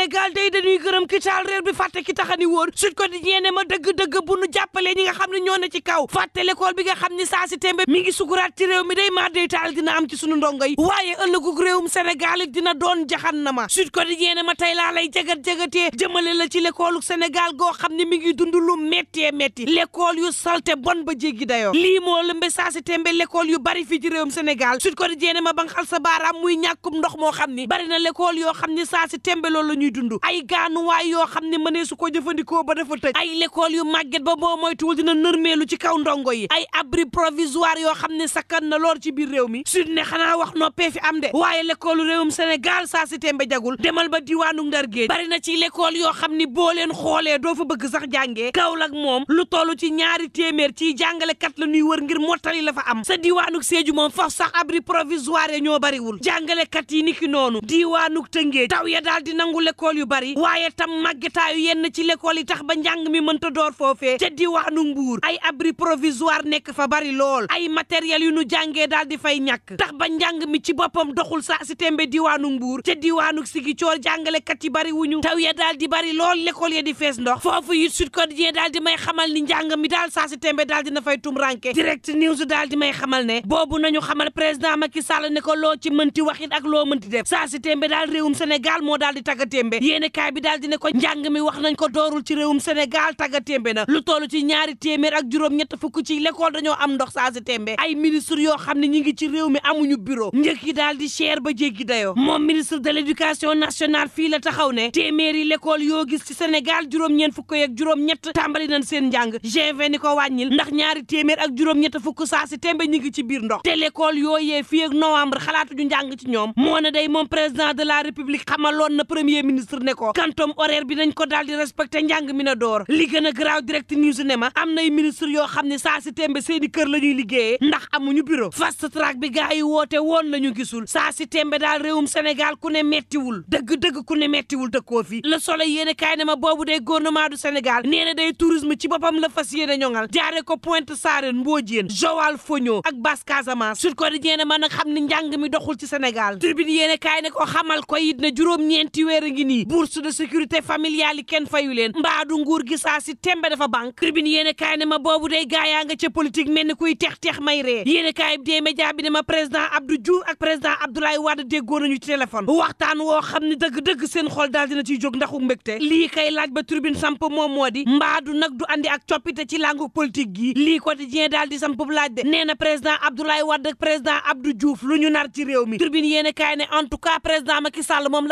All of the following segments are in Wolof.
Sénégal day dañuy gërëm ki taal bi fàtte ki taxani wóor Sud Quotidien ne ma dëgg-dëgg bu nu jàppalee ñi nga xam ne ñoo ne ci kaw fàtte l'école bi nga xam ni saa si tembe mi ngi sukuraat ci réew mi day maa day taal dina am ci sunu ndongo yi waaye ëllëgug réewum senegal it dina doon na jaxannama Sud Quotidien ne ma tey laa lay jagat-jagatee jëmale la ci l'école Sénégal goo xam ni mi ngi dund lu méttee métti l'école yu salte bon ba jéggi dayoo lii moo lëmbe saa si tembe l'école yu bari fii ci réewum Sénégal Sud Quotidien ne ma banxal sa baaraam muy ñàkkum ndox moo xam ni bari na l'école yoo xam ni saa si tembe la ñuy ñuy dund ay gaanuwaay yoo xam ne mënee su ko jëfandikoo ba dafa tëj ay l'école yu màgget ba boo moytuwul dina nërmeelu ci kaw ndongo yi ay abri provisoire yoo xam ne sakkan na lool ci biir réew mi sud ne xanaa wax noppee fi am de waaye l'école réewum Sénégal saa si tembe jagul demal ba diwaanu Ndar géej bari na ci lekkool yoo xam ni boo leen xoolee doo fa bëgg sax jàngee Kaolack moom lu toll ci ñaari téeméer ci jàngalekat la ñuy wër ngir mottali la am sa diwaanuk Sédhiou moom faf sax abri provisoire ñoo bariwul jàngalekat yi niki noonu diwaanuk Tëngéej école yu bari waaye tam màggetaayu yenn ci l'école yi tax ba njàng mi mënta door foofee te diwaanu mbuur ay abri provisoire nekk fa bari lool ay matériel yu nu jàngee daal di fay ñàkk tax ba njàng mi ci boppam doxul saa si tembe diwaanu mbuur te diwaanu Sigicoor jàngalekat yi bari wuñu taw ya daal di bari lool l'école ye di fees ndox foofu it Sud Quotidien daal di may xamal ni njàng mi daal saa si tembe daal dina fay tum ranke direct news daal di may xamal ne boobu nañu xamal président Macky Sall ne ko loo ci mënti wax it ak loo mënti def saa si tembe daal réewum Sénégal moo daal di tagga Témbé yéene kaay bi daal di ko njàng mi wax nañ ko doorul ci réewum Sénégal tagga Témbé na lu toll ci ñaari téeméer ak juróom-ñett fukk ci l'école dañoo am ndox saa si Témbé ay ministre yoo xam ne ñi ngi ci réew mi amuñu bureau njëg yi daal di cher ba jéggi dayo moom ministre de l'éducation nationale fii la taxaw ne téeméeri l'école yoo gis ci Sénégal juróom-ñeent fukk yeeg ñett tàmbali nañ seen njàng G20 ni ko wàññil ndax ñaari téeméer ak juróom-ñett fukk saa si Témbé ngi ci biir ndox te l'école yooyee fii ak novembre xalaatuñu njàng ci ñoom moo ne day moom la république xamaloon na premier ministre ministre ne ko kantom horaire bi nañ ko daal di respecté njàng mi na door li gën a garaaw direct news ne ma am nay ministre yoo xam ne saa si tembe seeni kër la ñuy liggéeyee ndax amuñu bureau fast track bi gars woote woon la gisul saa tembe daal réewum Sénégal ku ne mettiwul dëgg-dëgg ku ne mettiwul dëkkoo fi le soleil yéene kaay ne ma boobu day gouvernement du Sénégal nee day tourisme ci boppam la fas yéene ñoŋal jaare ko Pointe Sarène Mbodiène Joal Fogno ak Basse Casamance a nii bourse de sécurité familiale yi kenn fayu leen mbaadu nguur gi saa si tembe dafa banque tribune yéen kaay ma boobu day gaayaa nga ca politique mel ni kuy teex-teex may ree yéen kaay bi dee média bi ne ma président Abdou Diouf ak président Abdoulaye Wade déggoo nañu ci téléphone waxtaan woo xam ne dëgg-dëgg seen xol daal dina ciy jóg ndaxu mbégte lii kay laaj ba tribune samp moom moo di mbaadu nag du andi ak coppite ci langu politique gi lii ko quotidien daal di samp laaj de nee na président Abdoulaye Wade ak président Abdou Diouf lu ñu nar ci réew mi tribune yéen kaay ne tout cas président Macky Sall moom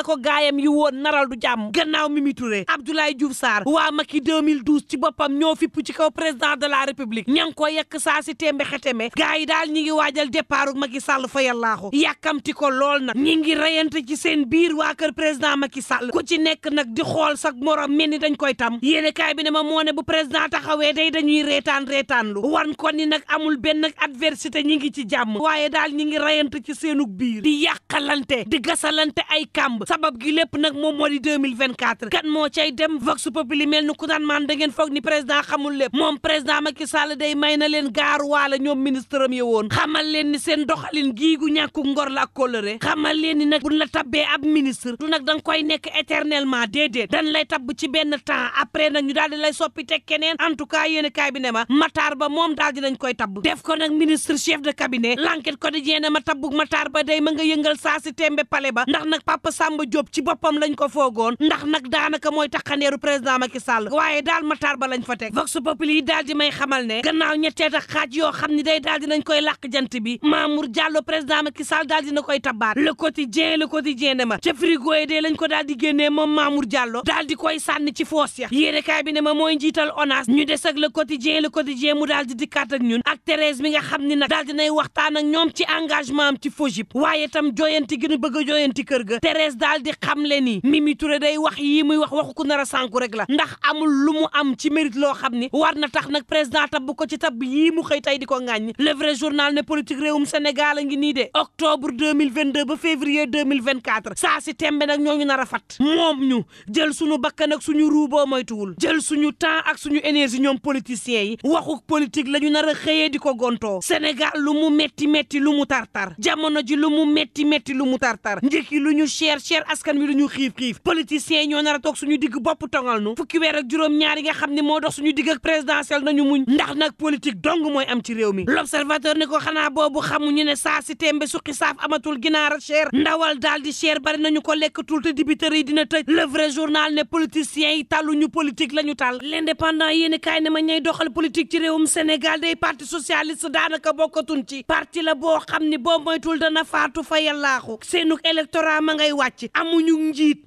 naral du jàmm gannaaw Mimi Touré Abdoulaye Diouf Sarr waa Macky 2012 ci boppam ñoo fipp ci kaw président de la république ña ngi ko yekk saa si tembe xeteme gars yi daal ñi ngi waajal départu Macky Sall fa yàllaaxu yàkkamti ko lool nag ñi ngi reyante ci seen biir waa kër président Macky Sall ku ci nekk nag di xool sa morom mel ni dañ koy tam yéene kaay bi ne ma moo ne bu président taxawee day dañuy reetaan reetaan lu wan ko ni nag amul benn adversité ñi ngi ci jàmm waaye daal ñi ngi reyante ci seenug biir di yàqalante di gasalante ay kàmb sabab gi lépp nag moom moo di 2024 kan moo cay dem vox populi mel ni ku naan maan da ngeen foog ni président xamul lépp moom président Macky Sall day may na leen gaaruwaale ñoom ministre am ya woon xamal leen ni seen doxalin gii gu ñàkku ngor la ak kóllëre xamal leen ni nag buñ la tabbee ab ministre du nag da nga koy nekk éternellement déedéet dan lay tabb ci benn temps après nag ñu daal di lay soppi teg keneen en tout cas yéen kaay bi ne ma Matar Ba moom daal di nañ koy tabb def ko nag ministre chef de cabinet l'enquête quotidien ma tabbug Matar Ba day ma yëngal saa si tembe palais ba ndax nag Papa Samba Diop ci boppam lañ ko foogoon ndax nag daanaka mooy taxandeeru président Macky Sall waaye daal Matar Ba lañ fa teg vox populi yi daal di may xamal ne gannaaw ñetteet ak xaaj yoo xam ni day daal nañ koy làq jant bi Mamour Diallo président Macky Sall daal dina koy tabaat le quotidien le quotidien ne ma ca frigo de dee lañ ko daal di génnee moom Mamour Diallo daal koy sànni ci foos ya yéenekaay bi ne ma mooy njiital ONAS ñu des ak le quotidien le quotidien mu daal di dikkaat ak ñun ak Thérèse mi nga xam ni nag daal nay waxtaan ak ñoom ci engagement am ci FOGIP waaye tam jooyanti gi ñu bëgg a jooyanti kër ga Thérèse daal di xamle ni Mimi Touré day wax yi muy wax waxu ku nar a rek la ndax amul lu mu am ci mérite loo xam ni war na tax nag président tabb ko ci tabb yii mu xëy tey di ko ŋàññ le vrai journal ne politique réewum Sénégal a ngi nii de octobre 2022 ba février 2024 saa si tembe nag ñoo ñu nar a fat moom ñu jël suñu bakkan ak suñu ruuboo moytuwul jël suñu temps ak suñu énergie ñoom politiciens yi waxu politique la ñu nar a xëyee di ko gontoo Sénégal lu mu metti metti lu mu tartar jamono ji lu mu metti metti lu mu tartar njëkki lu ñu cher cher askan wi lu ñu xiif xiif politiciens yi ñoo nar a toog suñu digg bopp tongal nu fukki weer ak juróom ñaar nga xam ne moo dox suñu digg ak présidentiel nañu muñ ndax nag politique dong mooy am ci réew mi l'observateur ne ko xanaa boobu xamuñu ne saa tembe suqi saaf amatul ginaar a ndawal daal di bari nañu ko lekkatul te dibitër yi dina tëj le vrai journal ne politiciens yi tàlluñu politique la ñu tàll l'indépendant yéeni kaay ne ma ñay doxal politique ci réewum Sénégal day parti socialiste daanaka bokkatun ci parti la boo xam ne boo moytul dana faatu fa yàllaaxu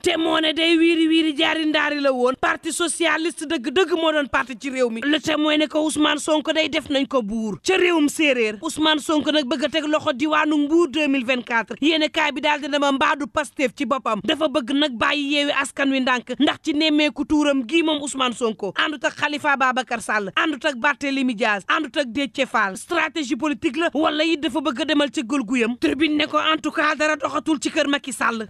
te moo ne day wiiri wiiri jaari ndaari la woon parti socialiste dëgg-dëgg moo doon parti ci réew mi le témoin ne ko Ousmane Sonko day def nañ ko buur ca réewum séeréer Ousmane Sonko nag bëgg a teg loxo diwaanu Mbour 2024 yéene kaay bi daal di dama mbaadu Pastef ci boppam dafa bëgg nag bàyyi yeewi askan wi ndànk ndax ci nemmeeku tuuram gii moom Ousmane Sonko àndut ak Khalifa Babacar Sall àndut ak Barthélémy Dias àndut ak Déthié Fall stratégie politique la wala it dafa bëgg demal ci gël guyam tribune ne ko en tout cas dara doxatul ci kër Macky Sall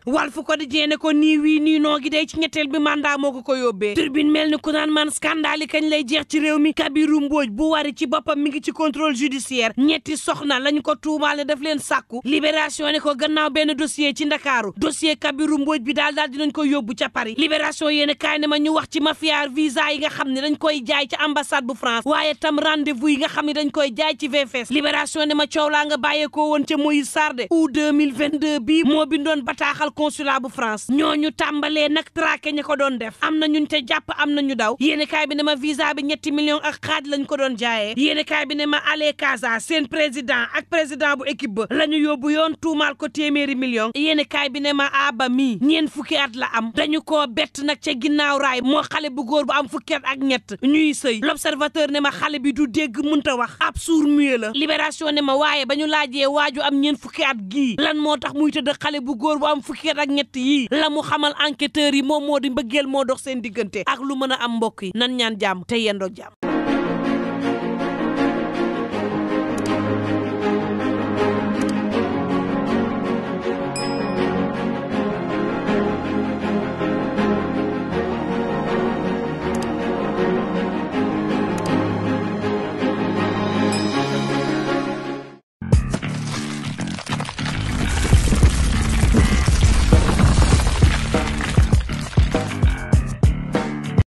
wii nii noo gi day ci ñetteel bi mandat moo ko ko yóbbee turbine mel ni ku naan man scandale kañ lay jeex ci réew mi Kabiru Mbodj bu wari ci boppam mi ngi ci contrôle judiciaire ñetti soxna lañ ko tuumaale daf leen sàkku libération ne ko gannaaw benn dossier ci ndakaaru dossier Kabiru Mbodj bi daal daal dinañ ko yóbbu ca Paris libération yéen kaay ne ma ñu wax ci mafia visa yi nga xam ne dañ koy jaay ci ambassade bu France waaye tam rendez-vous yi nga xam ne dañ koy jaay ci VFS ne ma coow laa nga bàyyeekoo woon ca Moïse Sarr de août 2022 bii moo bindoon bataaxal consulat bu France ñu tàmbalee nag traqué ñi ko doon def am na ñun te jàpp am nañu daw yéene kaay bi ne ma visa bi ñetti million ak xaaj lañ ko doon jaayee yéene kaay bi ne ma ale Casa seen président ak président bu équipe ba la ñu yóbbu yoon tuumaal ko téeméeri million yéene kaay bi ne ma aba mi ñeen fukki at la am dañu ko bett nag ca ginnaaw raay moo xale bu góor bu am fukki at ak ñett ñuy sëy l'observateur ne ma xale bi du dégg munta wax ab suur muet la libération ne ma waaye ba ñu laajee waaju am ñeen fukki at gii lan moo tax muy tëdd xale bu góor bu am fukki ak ñett yii la xamal enquêteurs yi moom moo di mbëggeel moo dox seen diggante ak lu mën a am mbokk yi nan ñaan jàmm te yendoo jàmm